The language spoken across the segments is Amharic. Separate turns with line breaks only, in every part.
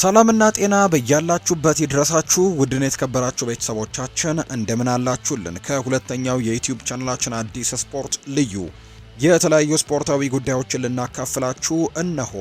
ሰላምና ጤና በያላችሁበት ይድረሳችሁ። ውድን የተከበራችሁ ቤተሰቦቻችን እንደምን አላችሁልን? ከሁለተኛው የዩቲዩብ ቻናላችን አዲስ ስፖርት ልዩ የተለያዩ ስፖርታዊ ጉዳዮችን ልናካፍላችሁ እነሆ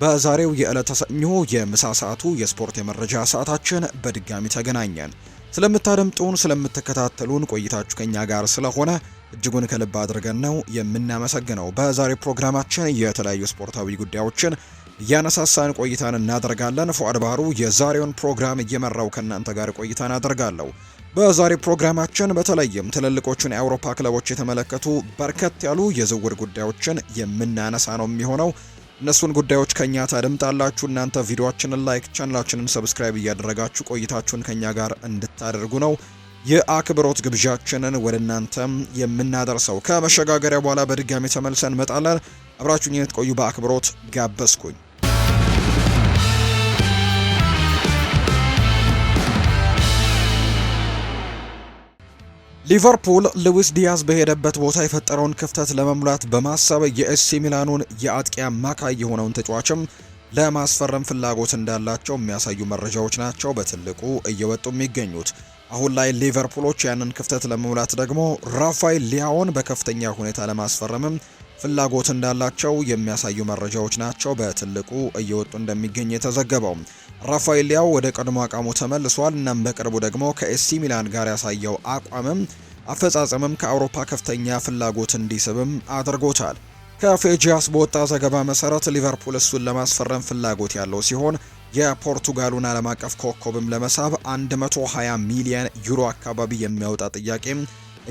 በዛሬው የዕለተ ሰኞ የምሳ ሰዓቱ የስፖርት የመረጃ ሰዓታችን በድጋሚ ተገናኘን። ስለምታደምጡን፣ ስለምትከታተሉን ቆይታችሁ ከኛ ጋር ስለሆነ እጅጉን ከልብ አድርገን ነው የምናመሰግነው። በዛሬው ፕሮግራማችን የተለያዩ ስፖርታዊ ጉዳዮችን እያነሳሳን ቆይታን እናደርጋለን። ፉአድ ባህሩ የዛሬውን ፕሮግራም እየመራው ከእናንተ ጋር ቆይታን አደርጋለሁ። በዛሬው ፕሮግራማችን በተለይም ትልልቆቹን የአውሮፓ ክለቦች የተመለከቱ በርከት ያሉ የዝውውር ጉዳዮችን የምናነሳ ነው የሚሆነው። እነሱን ጉዳዮች ከኛ ታደምጣላችሁ። እናንተ ቪዲዮችንን ላይክ፣ ቻናላችንን ሰብስክራይብ እያደረጋችሁ ቆይታችሁን ከኛ ጋር እንድታደርጉ ነው የአክብሮት ግብዣችንን ወደ እናንተም የምናደርሰው። ከመሸጋገሪያ በኋላ በድጋሚ ተመልሰን እንመጣለን። አብራችሁኝ እንድትቆዩ በአክብሮት ጋበዝኩኝ። ሊቨርፑል ሉዊስ ዲያዝ በሄደበት ቦታ የፈጠረውን ክፍተት ለመሙላት በማሰብ የኤሲ ሚላኑን የአጥቂ አማካይ የሆነውን ተጫዋችም ለማስፈረም ፍላጎት እንዳላቸው የሚያሳዩ መረጃዎች ናቸው በትልቁ እየወጡ የሚገኙት። አሁን ላይ ሊቨርፑሎች ያንን ክፍተት ለመሙላት ደግሞ ራፋኤል ሊያውን በከፍተኛ ሁኔታ ለማስፈረምም ፍላጎት እንዳላቸው የሚያሳዩ መረጃዎች ናቸው በትልቁ እየወጡ እንደሚገኝ የተዘገበው። ራፋኤል ሊያው ወደ ቀድሞ አቋሙ ተመልሷል። እናም በቅርቡ ደግሞ ከኤሲ ሚላን ጋር ያሳየው አቋምም አፈጻጸምም ከአውሮፓ ከፍተኛ ፍላጎት እንዲስብም አድርጎታል። ከፌጂያስ በወጣ ዘገባ መሰረት ሊቨርፑል እሱን ለማስፈረም ፍላጎት ያለው ሲሆን የፖርቱጋሉን ዓለም አቀፍ ኮከብም ለመሳብ 120 ሚሊዮን ዩሮ አካባቢ የሚያወጣ ጥያቄም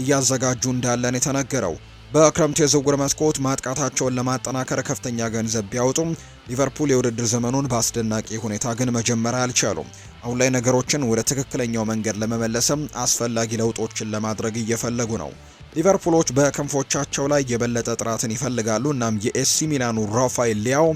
እያዘጋጁ እንዳለን የተነገረው በክረምቱ የዝውውር መስኮት ማጥቃታቸውን ለማጠናከር ከፍተኛ ገንዘብ ቢያወጡም ሊቨርፑል የውድድር ዘመኑን በአስደናቂ ሁኔታ ግን መጀመር አልቻሉም። አሁን ላይ ነገሮችን ወደ ትክክለኛው መንገድ ለመመለስም አስፈላጊ ለውጦችን ለማድረግ እየፈለጉ ነው። ሊቨርፑሎች በክንፎቻቸው ላይ የበለጠ ጥራትን ይፈልጋሉ። እናም የኤሲ ሚላኑ ራፋኤል ሊያው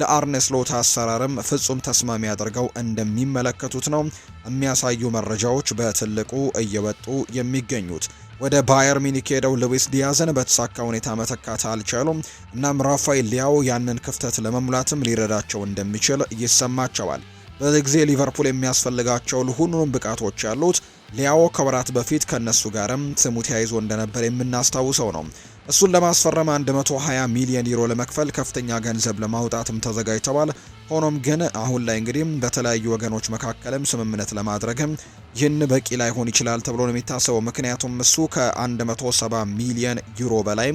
ለአርነ ስሎት አሰራርም ፍጹም ተስማሚ አድርገው እንደሚመለከቱት ነው የሚያሳዩ መረጃዎች በትልቁ እየወጡ የሚገኙት። ወደ ባየር ሚኒክ ሄደው ሉዊስ ዲያዝን በተሳካ ሁኔታ መተካት አልቻሉም። እናም ራፋኤል ሊያው ያንን ክፍተት ለመሙላትም ሊረዳቸው እንደሚችል ይሰማቸዋል። በዚህ ጊዜ ሊቨርፑል የሚያስፈልጋቸው ሁሉንም ብቃቶች ያሉት ሊያዎ ከወራት በፊት ከነሱ ጋርም ስሙ ተያይዞ እንደነበር የምናስታውሰው ነው። እሱን ለማስፈረም 120 ሚሊዮን ዩሮ ለመክፈል ከፍተኛ ገንዘብ ለማውጣትም ተዘጋጅተዋል። ሆኖም ግን አሁን ላይ እንግዲህ በተለያዩ ወገኖች መካከልም ስምምነት ለማድረግም ይህን በቂ ላይሆን ይችላል ተብሎ ነው የሚታሰበው። ምክንያቱም እሱ ከ170 ሚሊዮን ዩሮ በላይ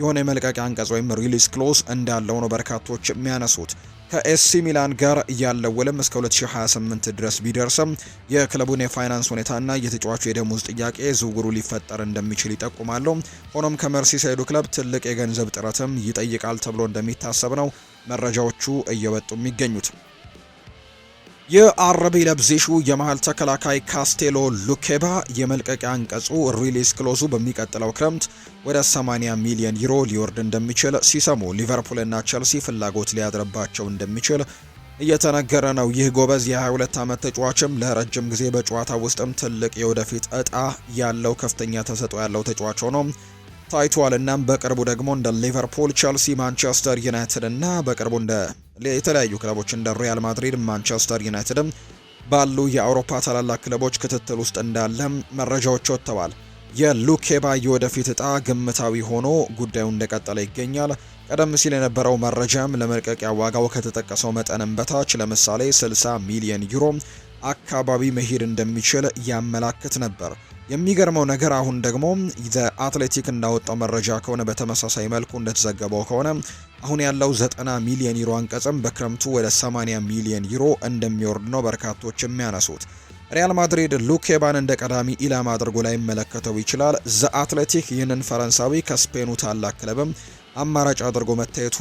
የሆነ የመልቀቂያ አንቀጽ ወይም ሪሊስ ክሎዝ እንዳለው ነው በርካቶች የሚያነሱት። ከኤሲ ሚላን ጋር ያለው ውልም እስከ 2028 ድረስ ቢደርስም የክለቡን የፋይናንስ ሁኔታና የተጫዋቹ የደሞዝ ጥያቄ ዝውውሩ ሊፈጠር እንደሚችል ይጠቁማሉ። ሆኖም ከመርሲሳይዱ ክለብ ትልቅ የገንዘብ ጥረትም ይጠይቃል ተብሎ እንደሚታሰብ ነው መረጃዎቹ እየወጡ የሚገኙት። የአረቢ ለብዚሹ የመሃል ተከላካይ ካስቴሎ ሉኬባ የመልቀቂያ አንቀጹ ሪሊስ ክሎዙ በሚቀጥለው ክረምት ወደ 80 ሚሊዮን ዩሮ ሊወርድ እንደሚችል ሲሰሙ ሊቨርፑልና ቸልሲ ፍላጎት ሊያድርባቸው እንደሚችል እየተነገረ ነው። ይህ ጎበዝ የ22 ዓመት ተጫዋችም ለረጅም ጊዜ በጨዋታ ውስጥም ትልቅ የወደፊት እጣ ያለው ከፍተኛ ተሰጥኦ ያለው ተጫዋች ሆኖ ታይቷል። እናም በቅርቡ ደግሞ እንደ ሊቨርፑል፣ ቸልሲ፣ ማንቸስተር ዩናይትድ እና በቅርቡ እንደ የተለያዩ ክለቦች እንደ ሪያል ማድሪድ፣ ማንቸስተር ዩናይትድም ባሉ የአውሮፓ ታላላቅ ክለቦች ክትትል ውስጥ እንዳለ መረጃዎች ወጥተዋል። የሉኬባ የወደፊት እጣ ግምታዊ ሆኖ ጉዳዩ እንደቀጠለ ይገኛል። ቀደም ሲል የነበረው መረጃም ለመልቀቂያ ዋጋው ከተጠቀሰው መጠንም በታች ለምሳሌ 60 ሚሊዮን ዩሮ አካባቢ መሄድ እንደሚችል ያመላክት ነበር። የሚገርመው ነገር አሁን ደግሞ ዘ አትሌቲክ እንዳወጣው መረጃ ከሆነ በተመሳሳይ መልኩ እንደተዘገበው ከሆነ አሁን ያለው 90 ሚሊዮን ዩሮ አንቀጽም በክረምቱ ወደ 80 ሚሊዮን ዩሮ እንደሚወርድ ነው በርካቶች የሚያነሱት። ሪያል ማድሪድ ሉኬባን እንደ ቀዳሚ ኢላማ አድርጎ ላይ መለከተው ይችላል። ዘ አትሌቲክ ይህንን ፈረንሳዊ ከስፔኑ ታላቅ ክለብም አማራጭ አድርጎ መታየቱ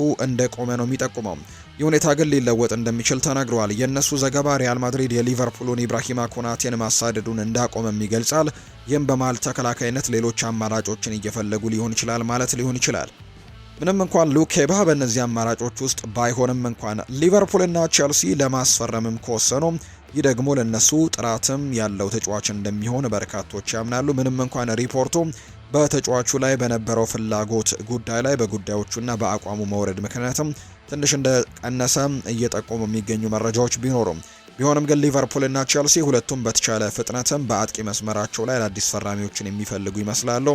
ቆመ ነው የሚጠቁመው። የሁኔታ ግን ሊለወጥ እንደሚችል ተናግረዋል። የእነሱ ዘገባ ሪያል ማድሪድ የሊቨርፑሉን ኢብራሂማ ኮናቴን ማሳደዱን እንዳቆመም ይገልጻል። ይህም በመሃል ተከላካይነት ሌሎች አማራጮችን እየፈለጉ ሊሆን ይችላል ማለት ሊሆን ይችላል። ምንም እንኳን ሉኬባ በእነዚህ አማራጮች ውስጥ ባይሆንም እንኳን ሊቨርፑልና ቼልሲ ለማስፈረምም ከወሰኑ ይህ ደግሞ ለነሱ ጥራትም ያለው ተጫዋች እንደሚሆን በርካቶች ያምናሉ። ምንም እንኳን ሪፖርቱ በተጫዋቹ ላይ በነበረው ፍላጎት ጉዳይ ላይ በጉዳዮቹና በአቋሙ መውረድ ምክንያትም ትንሽ እንደቀነሰ እየጠቆሙ የሚገኙ መረጃዎች ቢኖሩም ቢሆንም ግን እና ቼልሲ ሁለቱም በተቻለ ፍጥነትም በአጥቂ መስመራቸው ላይ አዳዲስ ፈራሚዎችን የሚፈልጉ ይመስላሉ።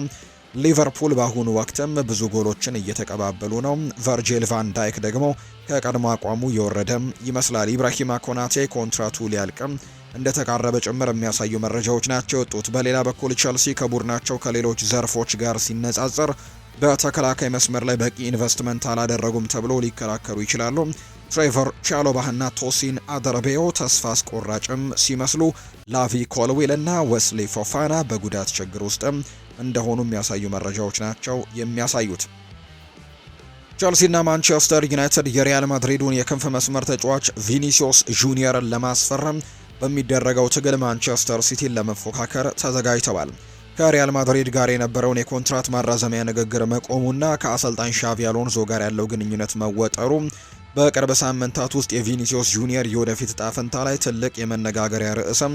ሊቨርፑል በአሁኑ ወቅትም ብዙ ጎሎችን እየተቀባበሉ ነው። ቨርጂል ቫን ዳይክ ደግሞ ከቀድሞ አቋሙ የወረደም ይመስላል። ኢብራሂማ ኮናቴ ኮንትራቱ ሊያልቅም እንደተቃረበ ጭምር የሚያሳዩ መረጃዎች ናቸው የወጡት። በሌላ በኩል ቼልሲ ከቡድናቸው ከሌሎች ዘርፎች ጋር ሲነጻጸር በተከላካይ መስመር ላይ በቂ ኢንቨስትመንት አላደረጉም ተብሎ ሊከራከሩ ይችላሉ። ትሬቨር ቻሎባህና ቶሲን አደርቤዮ ተስፋ አስቆራጭም ሲመስሉ ላቪ ኮልዊልና ወስሊ ፎፋና በጉዳት ችግር ውስጥም እንደሆኑ የሚያሳዩ መረጃዎች ናቸው የሚያሳዩት። ቸልሲና ማንቸስተር ዩናይትድ የሪያል ማድሪዱን የክንፍ መስመር ተጫዋች ቪኒሲዮስ ጁኒየርን ለማስፈረም በሚደረገው ትግል ማንቸስተር ሲቲን ለመፎካከር ተዘጋጅተዋል። ከሪያል ማድሪድ ጋር የነበረውን የኮንትራት ማራዘሚያ ንግግር መቆሙና ከአሰልጣኝ ሻቪ አሎንዞ ጋር ያለው ግንኙነት መወጠሩ በቅርብ ሳምንታት ውስጥ የቪኒሲዮስ ጁኒየር የወደፊት ጣፈንታ ላይ ትልቅ የመነጋገሪያ ርዕስም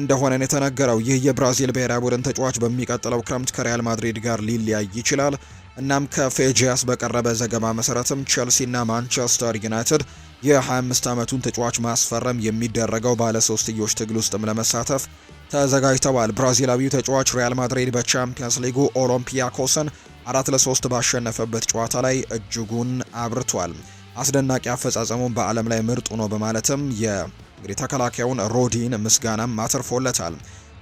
እንደሆነ የተነገረው። ይህ የብራዚል ብሔራዊ ቡድን ተጫዋች በሚቀጥለው ክረምት ከሪያል ማድሪድ ጋር ሊለያይ ይችላል። እናም ከፌጂያስ በቀረበ ዘገባ መሰረትም ቸልሲና ማንቸስተር ዩናይትድ የ25 ዓመቱን ተጫዋች ማስፈረም የሚደረገው ባለ ሶስትዮሽ ትግል ውስጥም ለመሳተፍ ተዘጋጅተዋል። ብራዚላዊው ተጫዋች ሪያል ማድሪድ በቻምፒየንስ ሊጉ ኦሎምፒያኮስን አራት ለሶስት ባሸነፈበት ጨዋታ ላይ እጅጉን አብርቷል። አስደናቂ አፈጻጸሙን በዓለም ላይ ምርጡ ነው በማለትም የእንግዲህ ተከላካዩን ሮዲን ምስጋናም አትርፎለታል።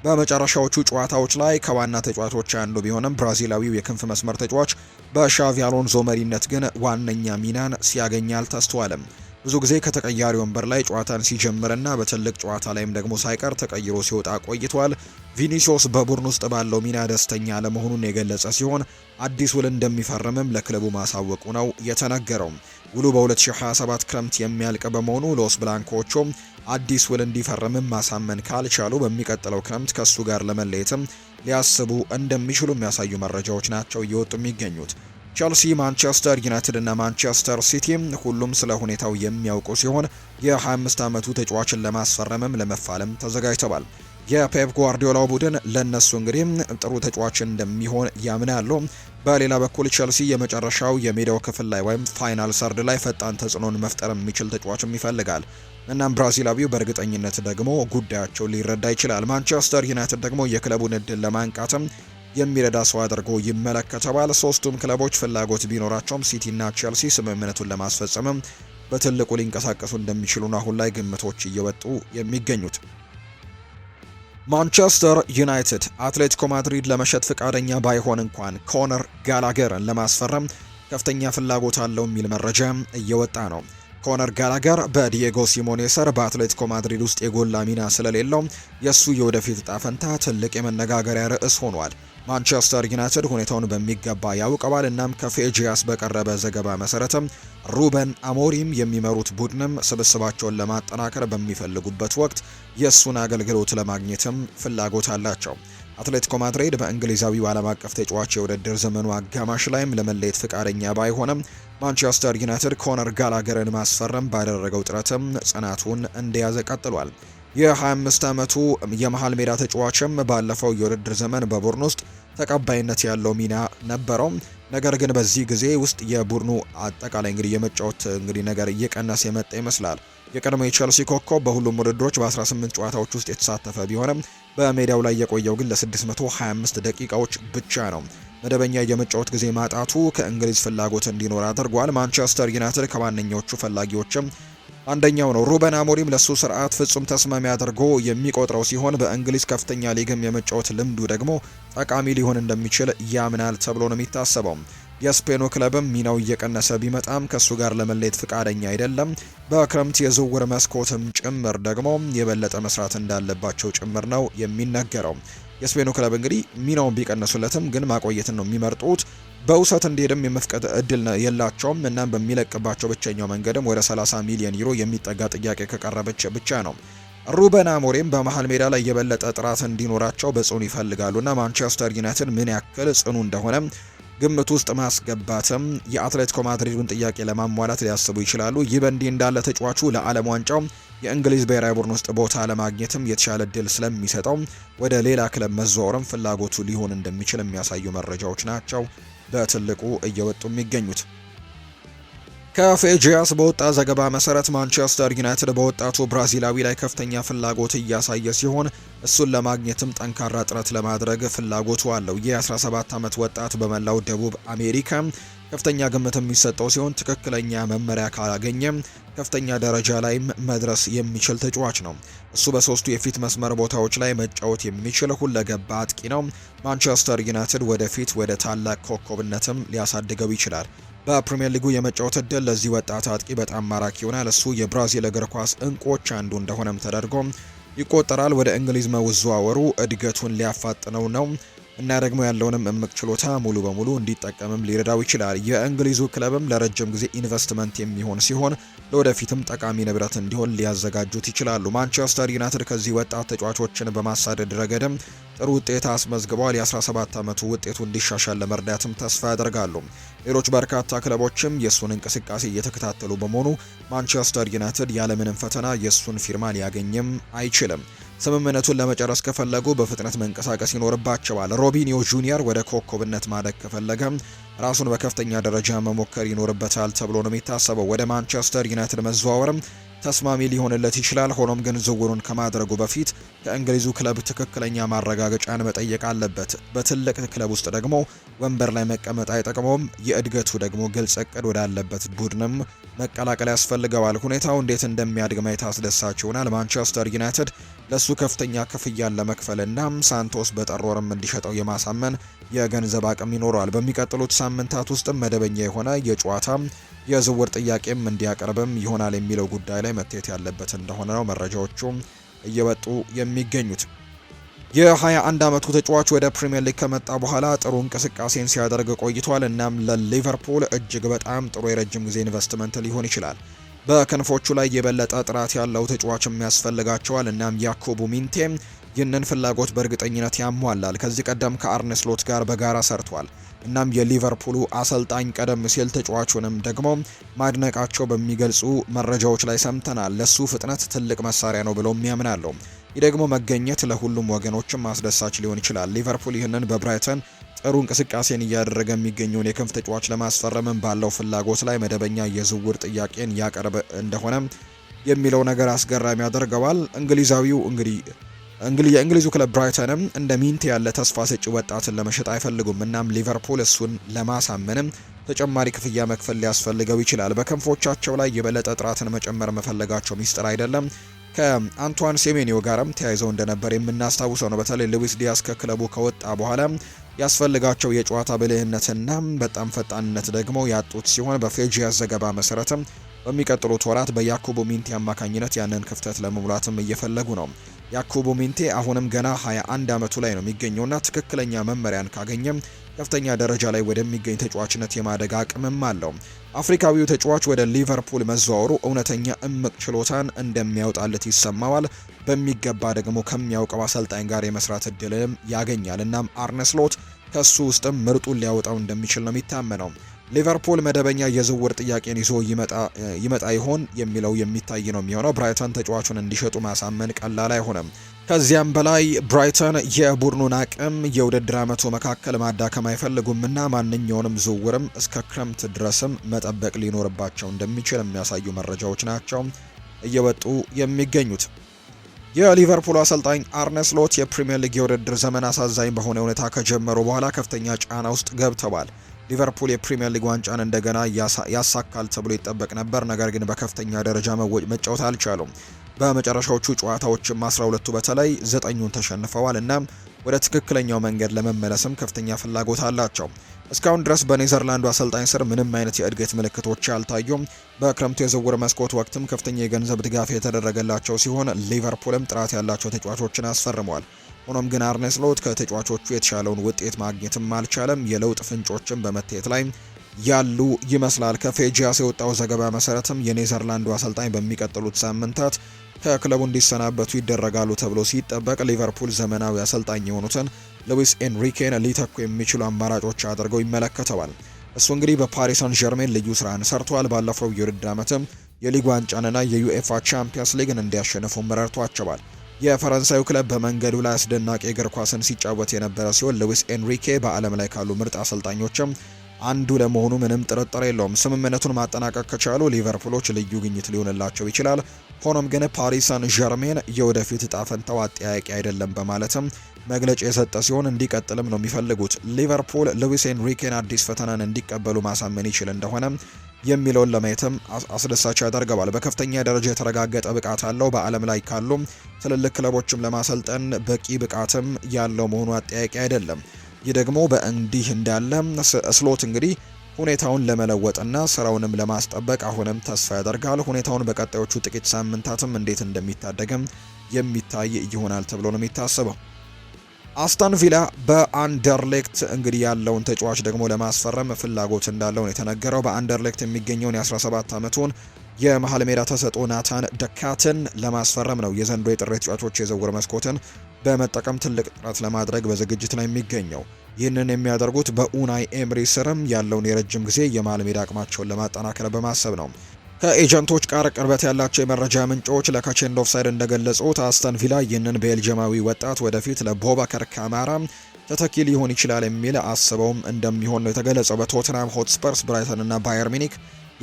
በመጨረሻዎቹ ጨዋታዎች ላይ ከዋና ተጫዋቾች አንዱ ቢሆንም ብራዚላዊው የክንፍ መስመር ተጫዋች በሻቪ አሎንዞ መሪነት ግን ዋነኛ ሚናን ሲያገኝ አልተስተዋልም። ብዙ ጊዜ ከተቀያሪ ወንበር ላይ ጨዋታን ሲጀምርና በትልቅ ጨዋታ ላይም ደግሞ ሳይቀር ተቀይሮ ሲወጣ ቆይቷል። ቪኒሲዮስ በቡድን ውስጥ ባለው ሚና ደስተኛ ለመሆኑን የገለጸ ሲሆን አዲስ ውል እንደሚፈርምም ለክለቡ ማሳወቁ ነው የተነገረው። ውሉ በ2027 ክረምት የሚያልቅ በመሆኑ ሎስ ብላንኮቹም አዲስ ውል እንዲፈርምም ማሳመን ካልቻሉ በሚቀጥለው ክረምት ከእሱ ጋር ለመለየትም ሊያስቡ እንደሚችሉ የሚያሳዩ መረጃዎች ናቸው እየወጡ የሚገኙት። ቸልሲ፣ ማንቸስተር ዩናይትድ እና ማንቸስተር ሲቲ ሁሉም ስለ ሁኔታው የሚያውቁ ሲሆን የ25 ዓመቱ ተጫዋችን ለማስፈረምም ለመፋለም ተዘጋጅተዋል። የፔፕ ጓርዲዮላው ቡድን ለነሱ እንግዲህ ጥሩ ተጫዋች እንደሚሆን ያምናሉ። በሌላ በኩል ቸልሲ የመጨረሻው የሜዳው ክፍል ላይ ወይም ፋይናል ሰርድ ላይ ፈጣን ተጽዕኖን መፍጠር የሚችል ተጫዋችም ይፈልጋል። እናም ብራዚላዊው በእርግጠኝነት ደግሞ ጉዳያቸው ሊረዳ ይችላል። ማንቸስተር ዩናይትድ ደግሞ የክለቡን እድል ለማንቃትም የሚረዳ ሰው አድርጎ ይመለከተዋል። ሶስቱም ክለቦች ፍላጎት ቢኖራቸውም ሲቲና ቼልሲ ስምምነቱን ለማስፈጸምም በትልቁ ሊንቀሳቀሱ እንደሚችሉ ነው አሁን ላይ ግምቶች እየወጡ የሚገኙት። ማንቸስተር ዩናይትድ አትሌቲኮ ማድሪድ ለመሸጥ ፍቃደኛ ባይሆን እንኳን ኮነር ጋላገርን ለማስፈረም ከፍተኛ ፍላጎት አለው የሚል መረጃ እየወጣ ነው። ኮነር ጋላገር በዲየጎ ሲሞኔ ስር በአትሌቲኮ ማድሪድ ውስጥ የጎላ ሚና ስለሌለው የእሱ የወደፊት እጣ ፈንታ ትልቅ የመነጋገሪያ ርዕስ ሆኗል። ማንቸስተር ዩናይትድ ሁኔታውን በሚገባ ያውቀዋል። እናም ከፌጂያስ በቀረበ ዘገባ መሰረትም ሩበን አሞሪም የሚመሩት ቡድንም ስብስባቸውን ለማጠናከር በሚፈልጉበት ወቅት የእሱን አገልግሎት ለማግኘትም ፍላጎት አላቸው። አትሌቲኮ ማድሪድ በእንግሊዛዊው ዓለም አቀፍ ተጫዋች የውድድር ዘመኑ አጋማሽ ላይም ለመለየት ፍቃደኛ ባይሆንም ማንቸስተር ዩናይትድ ኮነር ጋላገርን ማስፈረም ባደረገው ጥረትም ጽናቱን እንደያዘ ቀጥሏል። የ25 ዓመቱ የመሃል ሜዳ ተጫዋችም ባለፈው የውድድር ዘመን በቡድን ውስጥ ተቀባይነት ያለው ሚና ነበረው። ነገር ግን በዚህ ጊዜ ውስጥ የቡድኑ አጠቃላይ እንግዲህ የመጫወት እንግዲህ ነገር እየቀነሰ የመጣ ይመስላል። የቀድሞ የቼልሲ ኮከብ በሁሉም ውድድሮች በ18 ጨዋታዎች ውስጥ የተሳተፈ ቢሆንም በሜዳው ላይ የቆየው ግን ለ625 ደቂቃዎች ብቻ ነው። መደበኛ የመጫወት ጊዜ ማጣቱ ከእንግሊዝ ፍላጎት እንዲኖር አድርጓል። ማንቸስተር ዩናይትድ ከማንኛዎቹ ፈላጊዎችም አንደኛው ነው። ሩበን አሞሪም ለሱ ስርዓት ፍጹም ተስማሚ አድርጎ የሚቆጥረው ሲሆን በእንግሊዝ ከፍተኛ ሊግም የመጫወት ልምዱ ደግሞ ጠቃሚ ሊሆን እንደሚችል ያምናል ተብሎ ነው የሚታሰበው። የስፔኑ ክለብም ሚናው እየቀነሰ ቢመጣም ከእሱ ጋር ለመለየት ፍቃደኛ አይደለም። በክረምት የዝውውር መስኮትም ጭምር ደግሞ የበለጠ መስራት እንዳለባቸው ጭምር ነው የሚነገረው። የስፔኑ ክለብ እንግዲህ ሚናውን ቢቀንሱለትም ግን ማቆየትን ነው የሚመርጡት። በውሰት እንዲሄድም የመፍቀድ እድል የላቸውም። እናም በሚለቅባቸው ብቸኛው መንገድም ወደ 30 ሚሊዮን ዩሮ የሚጠጋ ጥያቄ ከቀረበች ብቻ ነው። ሩበን አሞሪም በመሀል ሜዳ ላይ የበለጠ ጥራት እንዲኖራቸው በጽኑ ይፈልጋሉና ማንቸስተር ዩናይትድ ምን ያክል ጽኑ እንደሆነ ግምት ውስጥ ማስገባትም የአትሌቲኮ ማድሪድን ጥያቄ ለማሟላት ሊያስቡ ይችላሉ። ይህ በእንዲህ እንዳለ ተጫዋቹ ለዓለም ዋንጫው የእንግሊዝ ብሔራዊ ቡድን ውስጥ ቦታ ለማግኘትም የተሻለ እድል ስለሚሰጠው ወደ ሌላ ክለብ መዘዋወርም ፍላጎቱ ሊሆን እንደሚችል የሚያሳዩ መረጃዎች ናቸው በትልቁ እየወጡ የሚገኙት። ከፌጂያስ በወጣ ዘገባ መሰረት ማንቸስተር ዩናይትድ በወጣቱ ብራዚላዊ ላይ ከፍተኛ ፍላጎት እያሳየ ሲሆን እሱን ለማግኘትም ጠንካራ ጥረት ለማድረግ ፍላጎቱ አለው። ይህ የ17 ዓመት ወጣት በመላው ደቡብ አሜሪካ ከፍተኛ ግምት የሚሰጠው ሲሆን ትክክለኛ መመሪያ ካላገኘም ከፍተኛ ደረጃ ላይም መድረስ የሚችል ተጫዋች ነው። እሱ በሶስቱ የፊት መስመር ቦታዎች ላይ መጫወት የሚችል ሁለገባ አጥቂ ነው። ማንቸስተር ዩናይትድ ወደፊት ወደ ታላቅ ኮከብነትም ሊያሳድገው ይችላል። በፕሪምየር ሊጉ የመጫወት እድል ለዚህ ወጣት አጥቂ በጣም ማራኪ ይሆናል። እሱ የብራዚል እግር ኳስ እንቁዎች አንዱ እንደሆነም ተደርጎ ይቆጠራል። ወደ እንግሊዝ መዘዋወሩ እድገቱን ሊያፋጥነው ነው እና ደግሞ ያለውንም እምቅ ችሎታ ሙሉ በሙሉ እንዲጠቀምም ሊረዳው ይችላል። የእንግሊዙ ክለብም ለረጅም ጊዜ ኢንቨስትመንት የሚሆን ሲሆን ለወደፊትም ጠቃሚ ንብረት እንዲሆን ሊያዘጋጁት ይችላሉ። ማንቸስተር ዩናይትድ ከዚህ ወጣት ተጫዋቾችን በማሳደድ ረገድም ጥሩ ውጤት አስመዝግበዋል። የ17 ዓመቱ ውጤቱ እንዲሻሻል ለመርዳትም ተስፋ ያደርጋሉ። ሌሎች በርካታ ክለቦችም የእሱን እንቅስቃሴ እየተከታተሉ በመሆኑ ማንቸስተር ዩናይትድ ያለምንም ፈተና የእሱን ፊርማ ሊያገኝም አይችልም። ስምምነቱን ለመጨረስ ከፈለጉ በፍጥነት መንቀሳቀስ ይኖርባቸዋል። ሮቢኒዮ ጁኒየር ወደ ኮከብነት ማደግ ከፈለገ ራሱን በከፍተኛ ደረጃ መሞከር ይኖርበታል ተብሎ ነው የሚታሰበው። ወደ ማንቸስተር ዩናይትድ መዘዋወርም ተስማሚ ሊሆንለት ይችላል። ሆኖም ግን ዝውውሩን ከማድረጉ በፊት ከእንግሊዙ ክለብ ትክክለኛ ማረጋገጫን መጠየቅ አለበት። በትልቅ ክለብ ውስጥ ደግሞ ወንበር ላይ መቀመጥ አይጠቅመውም። የእድገቱ ደግሞ ግልጽ እቅድ ወዳለበት ቡድንም መቀላቀል ያስፈልገዋል። ሁኔታው እንዴት እንደሚያድግ ማየት አስደሳች ይሆናል። ማንቸስተር ዩናይትድ ለሱ ከፍተኛ ክፍያን ለመክፈልና ሳንቶስ በጠሮርም ወርም እንዲሸጠው የማሳመን የገንዘብ አቅም ይኖረዋል። በሚቀጥሉት ሳምንታት ውስጥም መደበኛ የሆነ የጨዋታ የዝውውር ጥያቄም እንዲያቀርብም ይሆናል የሚለው ጉዳይ ላይ መታየት ያለበት እንደሆነ ነው መረጃዎቹ እየወጡ የሚገኙት። የ21 ዓመቱ ተጫዋች ወደ ፕሪምየር ሊግ ከመጣ በኋላ ጥሩ እንቅስቃሴን ሲያደርግ ቆይቷል። እናም ለሊቨርፑል እጅግ በጣም ጥሩ የረጅም ጊዜ ኢንቨስትመንት ሊሆን ይችላል። በክንፎቹ ላይ የበለጠ ጥራት ያለው ተጫዋችም ያስፈልጋቸዋል። እናም ያኮቡ ሚንቴ ይህንን ፍላጎት በእርግጠኝነት ያሟላል። ከዚህ ቀደም ከአርነ ጋር በጋራ ሰርቷል። እናም የሊቨርፑሉ አሰልጣኝ ቀደም ሲል ተጫዋቹንም ደግሞ ማድነቃቸው በሚገልጹ መረጃዎች ላይ ሰምተናል። ለሱ ፍጥነት ትልቅ መሳሪያ ነው ብለውም ያምናሉ። ይህ ደግሞ መገኘት ለሁሉም ወገኖችም አስደሳች ሊሆን ይችላል። ሊቨርፑል ይህንን በብራይተን ጥሩ እንቅስቃሴን እያደረገ የሚገኘውን የክንፍ ተጫዋች ለማስፈረምን ባለው ፍላጎት ላይ መደበኛ የዝውውር ጥያቄን ያቀርብ እንደሆነ የሚለው ነገር አስገራሚ ያደርገዋል። እንግሊዛዊው እንግዲህ የእንግሊዙ ክለብ ብራይተንም እንደ ሚንት ያለ ተስፋ ሰጪ ወጣትን ለመሸጥ አይፈልጉም። እናም ሊቨርፑል እሱን ለማሳመንም ተጨማሪ ክፍያ መክፈል ሊያስፈልገው ይችላል። በክንፎቻቸው ላይ የበለጠ ጥራትን መጨመር መፈለጋቸው ሚስጥር አይደለም። ከአንቷን ሴሜኒዮ ጋርም ተያይዘው እንደነበር የምናስታውሰው ነው። በተለይ ሉዊስ ዲያስ ከክለቡ ከወጣ በኋላ ያስፈልጋቸው የጨዋታ ብልህነትና በጣም ፈጣንነት ደግሞ ያጡት ሲሆን በፌጂያ ዘገባ መሰረትም በሚቀጥሉት ወራት በያኩቡ ሚንቴ አማካኝነት ያንን ክፍተት ለመሙላትም እየፈለጉ ነው። ያኩቡ ሚንቴ አሁንም ገና 21 ዓመቱ ላይ ነው የሚገኘውና ትክክለኛ መመሪያን ካገኘም ከፍተኛ ደረጃ ላይ ወደሚገኝ ተጫዋችነት የማደግ አቅምም አለው። አፍሪካዊው ተጫዋች ወደ ሊቨርፑል መዘዋወሩ እውነተኛ እምቅ ችሎታን እንደሚያወጣለት ይሰማዋል። በሚገባ ደግሞ ከሚያውቀው አሰልጣኝ ጋር የመስራት እድልም ያገኛል። እናም አርነስሎት ከሱ ውስጥም ምርጡን ሊያወጣው እንደሚችል ነው የሚታመነው። ሊቨርፑል መደበኛ የዝውውር ጥያቄን ይዞ ይመጣ ይሆን የሚለው የሚታይ ነው የሚሆነው። ብራይተን ተጫዋቹን እንዲሸጡ ማሳመን ቀላል አይሆንም። ከዚያም በላይ ብራይተን የቡድኑን አቅም የውድድር ዓመቱ መካከል ማዳከም አይፈልጉምና ማንኛውንም ዝውውርም እስከ ክረምት ድረስም መጠበቅ ሊኖርባቸው እንደሚችል የሚያሳዩ መረጃዎች ናቸው እየወጡ የሚገኙት። የሊቨርፑል አሰልጣኝ አርነስ ሎት የፕሪምየር ሊግ የውድድር ዘመን አሳዛኝ በሆነ ሁኔታ ከጀመሩ በኋላ ከፍተኛ ጫና ውስጥ ገብተዋል። ሊቨርፑል የፕሪምየር ሊግ ዋንጫን እንደገና ያሳካል ተብሎ ይጠበቅ ነበር፣ ነገር ግን በከፍተኛ ደረጃ መጫወት አልቻሉም። በመጨረሻዎቹ ጨዋታዎችም 12ቱ በተለይ ዘጠኙን ተሸንፈዋል እና ወደ ትክክለኛው መንገድ ለመመለስም ከፍተኛ ፍላጎት አላቸው። እስካሁን ድረስ በኔዘርላንዱ አሰልጣኝ ስር ምንም አይነት የእድገት ምልክቶች አልታዩም። በክረምቱ የዝውውር መስኮት ወቅትም ከፍተኛ የገንዘብ ድጋፍ የተደረገላቸው ሲሆን ሊቨርፑልም ጥራት ያላቸው ተጫዋቾችን አስፈርመዋል። ሆኖም ግን አርነ ስሎት ከተጫዋቾቹ የተሻለውን ውጤት ማግኘትም አልቻለም። የለውጥ ፍንጮችን በመታየት ላይ ያሉ ይመስላል። ከፌጂያስ የወጣው ዘገባ መሰረትም የኔዘርላንዱ አሰልጣኝ በሚቀጥሉት ሳምንታት ከክለቡ እንዲሰናበቱ ይደረጋሉ ተብሎ ሲጠበቅ ሊቨርፑል ዘመናዊ አሰልጣኝ የሆኑትን ሉዊስ ኤንሪኬን ሊተኩ የሚችሉ አማራጮች አድርገው ይመለከተዋል። እሱ እንግዲህ በፓሪስ ሳን ዠርሜን ልዩ ስራን ሰርተዋል ባለፈው የውድድር ዓመትም የሊግ ዋንጫንና የዩኤፋ ቻምፒየንስ ሊግን እንዲያሸንፉ መረድቷቸዋል። የፈረንሳዩ ክለብ በመንገዱ ላይ አስደናቂ እግር ኳስን ሲጫወት የነበረ ሲሆን ሉዊስ ኤንሪኬ በዓለም ላይ ካሉ ምርጥ አሰልጣኞችም አንዱ ለመሆኑ ምንም ጥርጥር የለውም። ስምምነቱን ማጠናቀቅ ከቻሉ ሊቨርፑሎች ልዩ ግኝት ሊሆንላቸው ይችላል። ሆኖም ግን ፓሪስ ጀርሜን የወደፊት እጣ ፈንታው አጠያቂ አይደለም በማለትም መግለጫ የሰጠ ሲሆን እንዲቀጥልም ነው የሚፈልጉት። ሊቨርፑል ሉዊስ ኤንሪኬን አዲስ ፈተናን እንዲቀበሉ ማሳመን ይችል እንደሆነ የሚለውን ለማየትም አስደሳች ያደርገዋል። በከፍተኛ ደረጃ የተረጋገጠ ብቃት አለው። በዓለም ላይ ካሉ ትልልቅ ክለቦችም ለማሰልጠን በቂ ብቃትም ያለው መሆኑ አጠያቂ አይደለም። ይህ ደግሞ በእንዲህ እንዳለ ስሎት እንግዲህ ሁኔታውን ለመለወጥና ስራውንም ለማስጠበቅ አሁንም ተስፋ ያደርጋል። ሁኔታውን በቀጣዮቹ ጥቂት ሳምንታትም እንዴት እንደሚታደግም የሚታይ ይሆናል ተብሎ ነው የሚታሰበው። አስተን ቪላ በአንደርሌክት እንግዲህ ያለውን ተጫዋች ደግሞ ለማስፈረም ፍላጎት እንዳለውን የተነገረው። በአንደርሌክት የሚገኘውን የ17 ዓመቱን የመሀል ሜዳ ተሰጥኦ ናታን ደካትን ለማስፈረም ነው የዘንድሮ የጥር ተጫዋቾች የዝውውር መስኮትን በመጠቀም ትልቅ ጥረት ለማድረግ በዝግጅት ላይ የሚገኘው ይህንን የሚያደርጉት በኡናይ ኤምሪ ስርም ያለውን የረጅም ጊዜ የመሃል ሜዳ አቅማቸውን ለማጠናከር በማሰብ ነው። ከኤጀንቶች ጋር ቅርበት ያላቸው የመረጃ ምንጮች ለካቼንዶ ኦፍሳይድ እንደገለጹት አስተን ቪላ ይህንን ቤልጅማዊ ወጣት ወደፊት ለቦባከር ካማራ ተተኪ ሊሆን ይችላል የሚል አስበውም እንደሚሆን ነው የተገለጸው። በቶትናም ሆትስፐርስ፣ ብራይተን እና ባየር ሚኒክ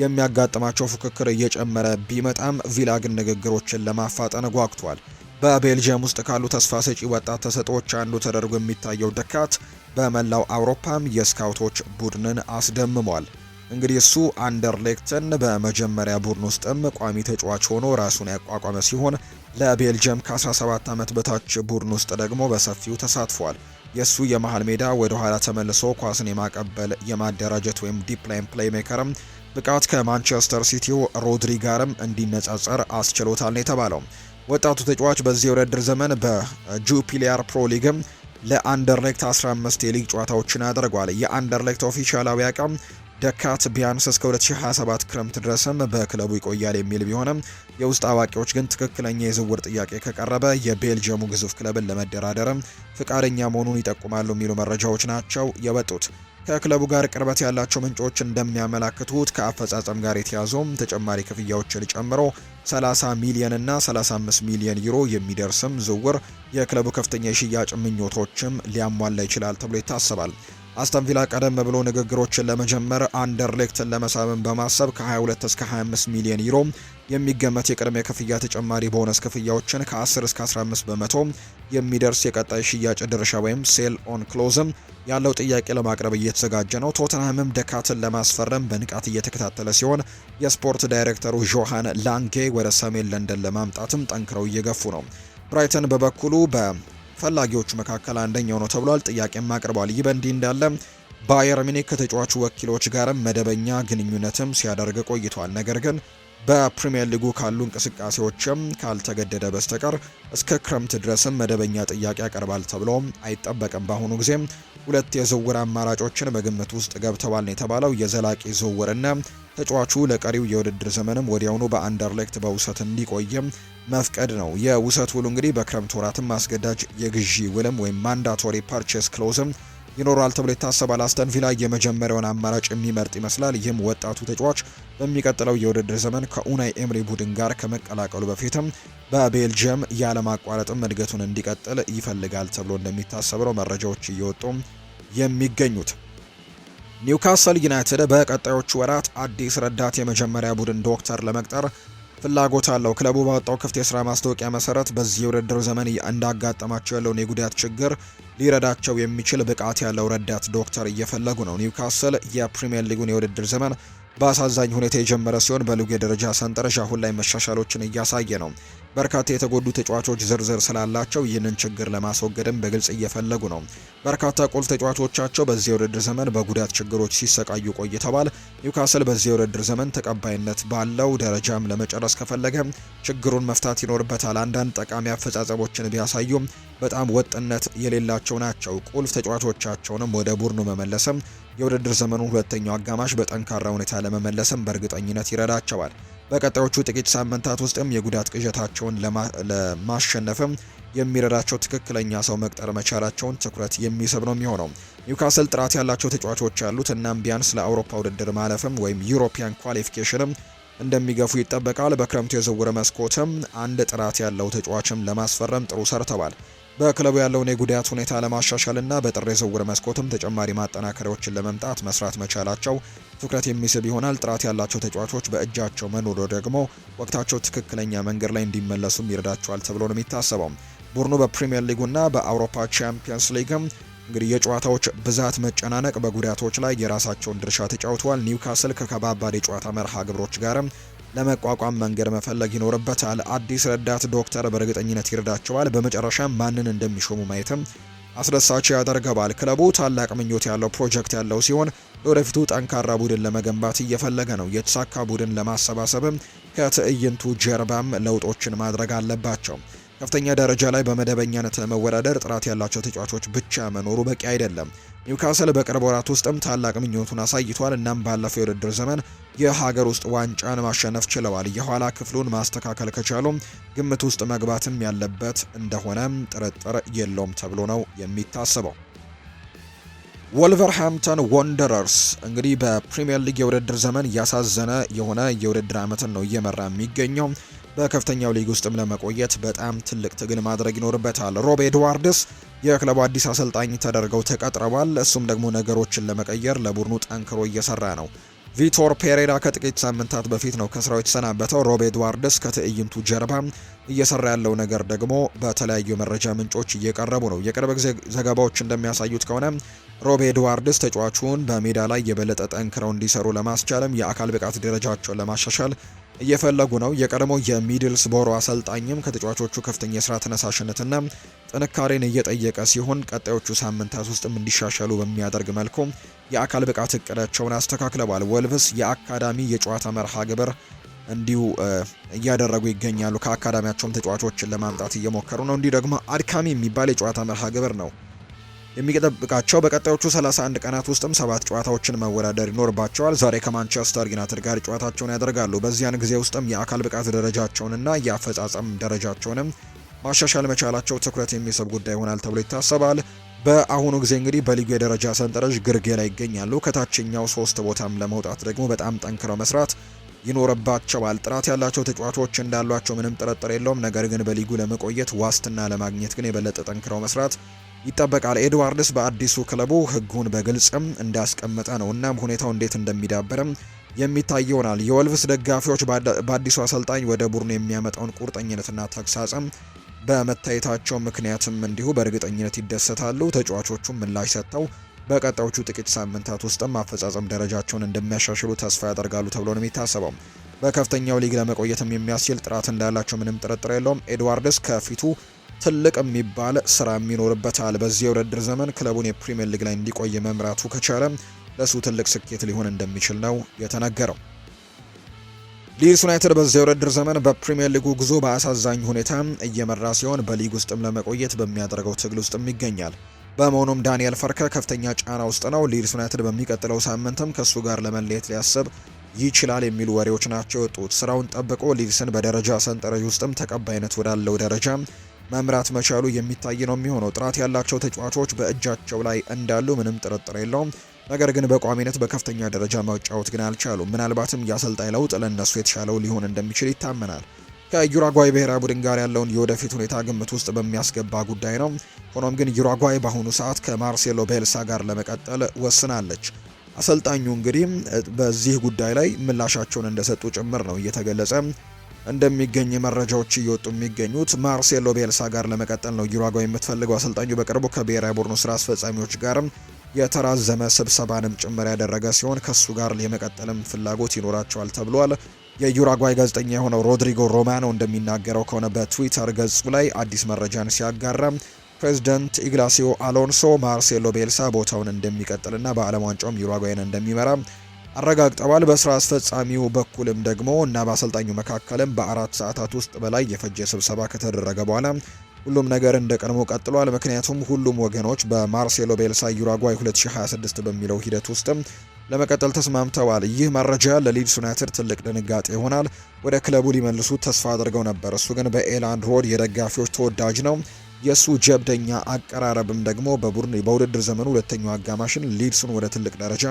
የሚያጋጥማቸው ፉክክር እየጨመረ ቢመጣም ቪላ ግን ንግግሮችን ለማፋጠን ጓግቷል በቤልጅየም ውስጥ ካሉ ተስፋ ሰጪ ወጣት ተሰጦች አንዱ ተደርጎ የሚታየው ደካት በመላው አውሮፓም የስካውቶች ቡድንን አስደምሟል። እንግዲህ እሱ አንደርሌክትን በመጀመሪያ ቡድን ውስጥም ቋሚ ተጫዋች ሆኖ ራሱን ያቋቋመ ሲሆን ለቤልጅየም ከ17 ዓመት በታች ቡድን ውስጥ ደግሞ በሰፊው ተሳትፏል። የእሱ የመሃል ሜዳ ወደ ኋላ ተመልሶ ኳስን የማቀበል የማደራጀት ወይም ዲፕላይን ፕሌይሜከርም ብቃት ከማንቸስተር ሲቲው ሮድሪ ጋርም እንዲነጻጸር አስችሎታል ነው የተባለው። ወጣቱ ተጫዋች በዚህ የውድድር ዘመን በጁፒሊያር ፕሮ ሊግም ለአንደርሌክት 15 የሊግ ጨዋታዎችን አድርጓል። የአንደርሌክት ኦፊሻላዊ አቋም ደካት ቢያንስ እስከ 2027 ክረምት ድረስም በክለቡ ይቆያል የሚል ቢሆንም የውስጥ አዋቂዎች ግን ትክክለኛ የዝውውር ጥያቄ ከቀረበ የቤልጅየሙ ግዙፍ ክለብን ለመደራደርም ፍቃደኛ መሆኑን ይጠቁማሉ የሚሉ መረጃዎች ናቸው የወጡት። ከክለቡ ጋር ቅርበት ያላቸው ምንጮች እንደሚያመላክቱት ከአፈጻጸም ጋር የተያዘውም ተጨማሪ ክፍያዎችን ጨምሮ 30 ሚሊዮን እና 35 ሚሊዮን ዩሮ የሚደርስም ዝውውር የክለቡ ከፍተኛ የሽያጭ ምኞቶችም ሊያሟላ ይችላል ተብሎ ይታሰባል። አስተን ቪላ ቀደም ብሎ ንግግሮችን ለመጀመር አንደርሌክትን ለመሳብን በማሰብ ከ22 እስከ 25 ሚሊዮን ዩሮ የሚገመት የቅድመ ክፍያ ተጨማሪ ቦነስ ክፍያዎችን ከ10 እስከ 15 በመቶ የሚደርስ የቀጣይ ሽያጭ ድርሻ ወይም ሴል ኦን ክሎዝም ያለው ጥያቄ ለማቅረብ እየተዘጋጀ ነው። ቶተንሃምም ደካትን ለማስፈረም በንቃት እየተከታተለ ሲሆን የስፖርት ዳይሬክተሩ ጆሃን ላንጌ ወደ ሰሜን ለንደን ለማምጣትም ጠንክረው እየገፉ ነው። ብራይተን በበኩሉ በፈላጊዎቹ መካከል አንደኛው ነው ተብሏል። ጥያቄም አቅርቧል። ይህ በእንዲህ እንዳለ ባየር ሚኒክ ከተጫዋቹ ወኪሎች ጋርም መደበኛ ግንኙነትም ሲያደርግ ቆይቷል። ነገር ግን በፕሪምየር ሊጉ ካሉ እንቅስቃሴዎችም ካልተገደደ በስተቀር እስከ ክረምት ድረስም መደበኛ ጥያቄ ያቀርባል ተብሎ አይጠበቅም። በአሁኑ ጊዜ ሁለት የዝውውር አማራጮችን በግምት ውስጥ ገብተዋል ነው የተባለው። የዘላቂ ዝውውርና ተጫዋቹ ለቀሪው የውድድር ዘመንም ወዲያውኑ በአንደርሌክት በውሰት እንዲቆይም መፍቀድ ነው። የውሰት ውሉ እንግዲህ በክረምት ወራትም አስገዳጅ የግዢ ውልም ወይም ማንዳቶሪ ፐርቼስ ክሎዝም ይኖራል ተብሎ ይታሰባል። አስተን ቪላ የመጀመሪያውን አማራጭ የሚመርጥ ይመስላል። ይህም ወጣቱ ተጫዋች በሚቀጥለው የውድድር ዘመን ከኡናይ ኤምሪ ቡድን ጋር ከመቀላቀሉ በፊትም በቤልጅየም ያለማቋረጥም እድገቱን እንዲቀጥል ይፈልጋል ተብሎ እንደሚታሰብ ነው መረጃዎች እየወጡ የሚገኙት። ኒውካስል ዩናይትድ በቀጣዮቹ ወራት አዲስ ረዳት የመጀመሪያ ቡድን ዶክተር ለመቅጠር ፍላጎት አለው። ክለቡ ባወጣው ክፍት የስራ ማስታወቂያ መሰረት በዚህ የውድድር ዘመን እንዳጋጠማቸው ያለውን የጉዳት ችግር ሊረዳቸው የሚችል ብቃት ያለው ረዳት ዶክተር እየፈለጉ ነው። ኒውካስል የፕሪምየር ሊጉን የውድድር ዘመን በአሳዛኝ ሁኔታ የጀመረ ሲሆን በሊጉ የደረጃ ሰንጠረዥ አሁን ላይ መሻሻሎችን እያሳየ ነው። በርካታ የተጎዱ ተጫዋቾች ዝርዝር ስላላቸው ይህንን ችግር ለማስወገድም በግልጽ እየፈለጉ ነው። በርካታ ቁልፍ ተጫዋቾቻቸው በዚህ የውድድር ዘመን በጉዳት ችግሮች ሲሰቃዩ ቆይተዋል። ኒውካስል በዚህ የውድድር ዘመን ተቀባይነት ባለው ደረጃም ለመጨረስ ከፈለገ ችግሩን መፍታት ይኖርበታል። አንዳንድ ጠቃሚ አፈጻጸሞችን ቢያሳዩም በጣም ወጥነት የሌላቸው ናቸው። ቁልፍ ተጫዋቾቻቸውንም ወደ ቡድኑ መመለስም የውድድር ዘመኑን ሁለተኛው አጋማሽ በጠንካራ ሁኔታ ለመመለስም በእርግጠኝነት ይረዳቸዋል። በቀጣዮቹ ጥቂት ሳምንታት ውስጥም የጉዳት ቅዠታቸውን ለማሸነፍም የሚረዳቸው ትክክለኛ ሰው መቅጠር መቻላቸውን ትኩረት የሚስብ ነው የሚሆነው። ኒውካስል ጥራት ያላቸው ተጫዋቾች ያሉት እናም ቢያንስ ለአውሮፓ ውድድር ማለፍም ወይም ዩሮፒያን ኳሊፊኬሽንም እንደሚገፉ ይጠበቃል። በክረምቱ የዝውውር መስኮትም አንድ ጥራት ያለው ተጫዋችም ለማስፈረም ጥሩ ሰርተዋል። በክለቡ ያለውን የጉዳት ሁኔታ ለማሻሻልና በጥር የዝውውር መስኮትም ተጨማሪ ማጠናከሪያዎችን ለመምጣት መስራት መቻላቸው ትኩረት የሚስብ ይሆናል። ጥራት ያላቸው ተጫዋቾች በእጃቸው መኖሩ ደግሞ ወቅታቸው ትክክለኛ መንገድ ላይ እንዲመለሱም ይረዳቸዋል ተብሎ ነው የሚታሰበው። ቡድኑ በፕሪምየር ሊጉና በአውሮፓ ቻምፒየንስ ሊግም እንግዲህ የጨዋታዎች ብዛት መጨናነቅ በጉዳቶች ላይ የራሳቸውን ድርሻ ተጫውተዋል። ኒውካስል ከከባባድ የጨዋታ መርሃ ግብሮች ጋርም ለመቋቋም መንገድ መፈለግ ይኖርበታል። አዲስ ረዳት ዶክተር በእርግጠኝነት ይረዳቸዋል። በመጨረሻም ማንን እንደሚሾሙ ማየትም አስደሳች ያደርገዋል። ክለቡ ታላቅ ምኞት ያለው ፕሮጀክት ያለው ሲሆን ለወደፊቱ ጠንካራ ቡድን ለመገንባት እየፈለገ ነው። የተሳካ ቡድን ለማሰባሰብም ከትዕይንቱ ጀርባም ለውጦችን ማድረግ አለባቸው። ከፍተኛ ደረጃ ላይ በመደበኛነት ለመወዳደር ጥራት ያላቸው ተጫዋቾች ብቻ መኖሩ በቂ አይደለም። ኒውካስል በቅርብ ወራት ውስጥም ታላቅ ምኞቱን አሳይቷል። እናም ባለፈው የውድድር ዘመን የሀገር ውስጥ ዋንጫን ማሸነፍ ችለዋል። የኋላ ክፍሉን ማስተካከል ከቻሉ ግምት ውስጥ መግባትም ያለበት እንደሆነም ጥርጥር የለውም ተብሎ ነው የሚታሰበው። ወልቨርሃምተን ወንደረርስ እንግዲህ በፕሪምየር ሊግ የውድድር ዘመን ያሳዘነ የሆነ የውድድር ዓመትን ነው እየመራ የሚገኘው በከፍተኛው ሊግ ውስጥም ለመቆየት በጣም ትልቅ ትግል ማድረግ ይኖርበታል። ሮብ ኤድዋርድስ የክለቡ አዲስ አሰልጣኝ ተደርገው ተቀጥረዋል። እሱም ደግሞ ነገሮችን ለመቀየር ለቡድኑ ጠንክሮ እየሰራ ነው። ቪቶር ፔሬራ ከጥቂት ሳምንታት በፊት ነው ከስራው የተሰናበተው። ሮብ ኤድዋርድስ ከትዕይንቱ ጀርባ እየሰራ ያለው ነገር ደግሞ በተለያዩ መረጃ ምንጮች እየቀረቡ ነው። የቅርብ ጊዜ ዘገባዎች እንደሚያሳዩት ከሆነ ሮብ ኤድዋርድስ ተጫዋቹን በሜዳ ላይ የበለጠ ጠንክረው እንዲሰሩ ለማስቻልም የአካል ብቃት ደረጃቸውን ለማሻሻል እየፈለጉ ነው። የቀድሞው የሚድልስ ቦሮ አሰልጣኝም ከተጫዋቾቹ ከፍተኛ የስራ ተነሳሽነትና ጥንካሬን እየጠየቀ ሲሆን ቀጣዮቹ ሳምንታት ውስጥም እንዲሻሻሉ በሚያደርግ መልኩ የአካል ብቃት እቅዳቸውን አስተካክለዋል። ወልቭስ የአካዳሚ የጨዋታ መርሃ ግብር እንዲሁ እያደረጉ ይገኛሉ። ከአካዳሚያቸውም ተጫዋቾችን ለማምጣት እየሞከሩ ነው። እንዲሁ ደግሞ አድካሚ የሚባል የጨዋታ መርሃ ግብር ነው የሚጠብቃቸው በቀጣዮቹ 31 ቀናት ውስጥም ሰባት ጨዋታዎችን መወዳደር ይኖርባቸዋል። ዛሬ ከማንቸስተር ዩናይትድ ጋር ጨዋታቸውን ያደርጋሉ። በዚያን ጊዜ ውስጥም የአካል ብቃት ደረጃቸውንና የአፈጻጸም ደረጃቸውንም ማሻሻል መቻላቸው ትኩረት የሚስብ ጉዳይ ይሆናል ተብሎ ይታሰባል። በአሁኑ ጊዜ እንግዲህ በሊጉ የደረጃ ሰንጠረዥ ግርጌ ላይ ይገኛሉ። ከታችኛው ሶስት ቦታም ለመውጣት ደግሞ በጣም ጠንክረው መስራት ይኖርባቸዋል። ጥራት ያላቸው ተጫዋቾች እንዳሏቸው ምንም ጥርጥር የለውም። ነገር ግን በሊጉ ለመቆየት ዋስትና ለማግኘት ግን የበለጠ ጠንክረው መስራት ይጠበቃል። ኤድዋርድስ በአዲሱ ክለቡ ህጉን በግልጽም እንዳስቀመጠ ነው። እናም ሁኔታው እንዴት እንደሚዳበርም የሚታይ ይሆናል። የወልቭስ ደጋፊዎች በአዲሱ አሰልጣኝ ወደ ቡድኑ የሚያመጣውን ቁርጠኝነትና ተግሳጽም በመታየታቸው ምክንያትም እንዲሁ በእርግጠኝነት ይደሰታሉ። ተጫዋቾቹም ምላሽ ሰጥተው በቀጣዮቹ ጥቂት ሳምንታት ውስጥም አፈጻጸም ደረጃቸውን እንደሚያሻሽሉ ተስፋ ያደርጋሉ ተብሎ ነው የሚታሰበው። በከፍተኛው ሊግ ለመቆየትም የሚያስችል ጥራት እንዳላቸው ምንም ጥርጥር የለውም። ኤድዋርድስ ከፊቱ ትልቅ የሚባል ስራ የሚኖርበታል። በዚህ የውድድር ዘመን ክለቡን የፕሪምየር ሊግ ላይ እንዲቆይ መምራቱ ከቻለ ለሱ ትልቅ ስኬት ሊሆን እንደሚችል ነው የተነገረው። ሊድስ ዩናይትድ በዚህ የውድድር ዘመን በፕሪምየር ሊጉ ጉዞ በአሳዛኝ ሁኔታ እየመራ ሲሆን በሊግ ውስጥም ለመቆየት በሚያደርገው ትግል ውስጥም ይገኛል። በመሆኑም ዳንኤል ፈርከ ከፍተኛ ጫና ውስጥ ነው። ሊድስ ዩናይትድ በሚቀጥለው ሳምንትም ከእሱ ጋር ለመለየት ሊያስብ ይችላል የሚሉ ወሬዎች ናቸው የወጡት። ስራውን ጠብቆ ሊድስን በደረጃ ሰንጠረዥ ውስጥም ተቀባይነት ወዳለው ደረጃ መምራት መቻሉ የሚታይ ነው የሚሆነው። ጥራት ያላቸው ተጫዋቾች በእጃቸው ላይ እንዳሉ ምንም ጥርጥር የለውም። ነገር ግን በቋሚነት በከፍተኛ ደረጃ መጫወት ግን አልቻሉም። ምናልባትም የአሰልጣኝ ለውጥ ለእነሱ የተሻለው ሊሆን እንደሚችል ይታመናል። ከዩራጓይ ብሔራዊ ቡድን ጋር ያለውን የወደፊት ሁኔታ ግምት ውስጥ በሚያስገባ ጉዳይ ነው። ሆኖም ግን ዩራጓይ በአሁኑ ሰዓት ከማርሴሎ ቤልሳ ጋር ለመቀጠል ወስናለች። አሰልጣኙ እንግዲህ በዚህ ጉዳይ ላይ ምላሻቸውን እንደሰጡ ጭምር ነው እየተገለጸ እንደሚገኝ መረጃዎች እየወጡ የሚገኙት ማርሴሎ ቤልሳ ጋር ለመቀጠል ነው ዩራጓይ የምትፈልገው። አሰልጣኙ በቅርቡ ከብሔራዊ ቡድኑ ስራ አስፈጻሚዎች ጋርም የተራዘመ ስብሰባንም ጭምር ያደረገ ሲሆን ከሱ ጋር የመቀጠልም ፍላጎት ይኖራቸዋል ተብሏል። የዩራጓይ ጋዜጠኛ የሆነው ሮድሪጎ ሮማኖ እንደሚናገረው ከሆነ በትዊተር ገጹ ላይ አዲስ መረጃን ሲያጋራ ፕሬዚደንት ኢግላሲዮ አሎንሶ ማርሴሎ ቤልሳ ቦታውን እንደሚቀጥልና በዓለም ዋንጫውም ዩራጓይን እንደሚመራ አረጋግጠዋል። በስራ አስፈጻሚው በኩልም ደግሞ እና በአሰልጣኙ መካከልም በአራት ሰዓታት ውስጥ በላይ የፈጀ ስብሰባ ከተደረገ በኋላ ሁሉም ነገር እንደ ቀድሞ ቀጥሏል። ምክንያቱም ሁሉም ወገኖች በማርሴሎ ቤልሳ ዩራጓይ 2026 በሚለው ሂደት ውስጥም ለመቀጠል ተስማምተዋል። ይህ መረጃ ለሊድስ ዩናይትድ ትልቅ ድንጋጤ ይሆናል። ወደ ክለቡ ሊመልሱ ተስፋ አድርገው ነበር። እሱ ግን በኤላንድ ሮድ የደጋፊዎች ተወዳጅ ነው። የእሱ ጀብደኛ አቀራረብም ደግሞ በቡድን በውድድር ዘመኑ ሁለተኛው አጋማሽን ሊድሱን ወደ ትልቅ ደረጃ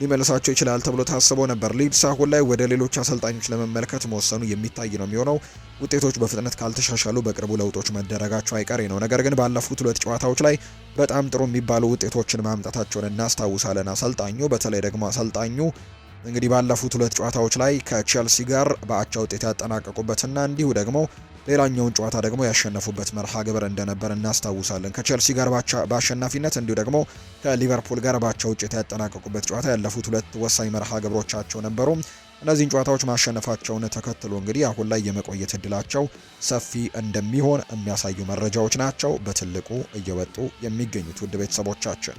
ሊመልሳቸው ይችላል ተብሎ ታስቦ ነበር። ሊድስ አሁን ላይ ወደ ሌሎች አሰልጣኞች ለመመልከት መወሰኑ የሚታይ ነው የሚሆነው ውጤቶች በፍጥነት ካልተሻሻሉ በቅርቡ ለውጦች መደረጋቸው አይቀሬ ነው። ነገር ግን ባለፉት ሁለት ጨዋታዎች ላይ በጣም ጥሩ የሚባሉ ውጤቶችን ማምጣታቸውን እናስታውሳለን። አሰልጣኙ በተለይ ደግሞ አሰልጣኙ እንግዲህ ባለፉት ሁለት ጨዋታዎች ላይ ከቼልሲ ጋር በአቻ ውጤት ያጠናቀቁበትና እንዲሁ ደግሞ ሌላኛውን ጨዋታ ደግሞ ያሸነፉበት መርሃ ግብር እንደነበር እናስታውሳለን። ከቸልሲ ጋር በአሸናፊነት እንዲሁ ደግሞ ከሊቨርፑል ጋር ባቻ ውጤት ያጠናቀቁበት ጨዋታ ያለፉት ሁለት ወሳኝ መርሃ ግብሮቻቸው ነበሩ። እነዚህን ጨዋታዎች ማሸነፋቸውን ተከትሎ እንግዲህ አሁን ላይ የመቆየት እድላቸው ሰፊ እንደሚሆን የሚያሳዩ መረጃዎች ናቸው በትልቁ እየወጡ የሚገኙት ውድ ቤተሰቦቻችን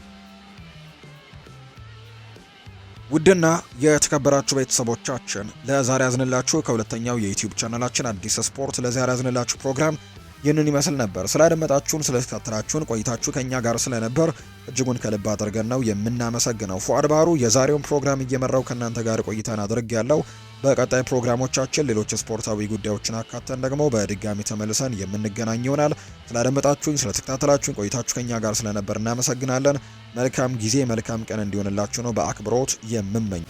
ውድና የተከበራችሁ ቤተሰቦቻችን ለዛሬ ያዝንላችሁ ከሁለተኛው የዩቲዩብ ቻናላችን አዲስ ስፖርት ለዛሬ ያዝንላችሁ ፕሮግራም ይህንን ይመስል ነበር። ስላደመጣችሁን፣ ስለተከታተላችሁን ቆይታችሁ ከእኛ ጋር ስለነበር እጅጉን ከልብ አድርገን ነው የምናመሰግነው። ፉአድ ባህሩ የዛሬውን ፕሮግራም እየመራው ከእናንተ ጋር ቆይታን አድርግ ያለው በቀጣይ ፕሮግራሞቻችን ሌሎች ስፖርታዊ ጉዳዮችን አካተን ደግሞ በድጋሚ ተመልሰን የምንገናኝ ይሆናል። ስላደመጣችሁኝ፣ ስለተከታተላችሁኝ ቆይታችሁ ከኛ ጋር ስለነበር እናመሰግናለን። መልካም ጊዜ፣ መልካም ቀን እንዲሆንላችሁ ነው በአክብሮት የምመኝ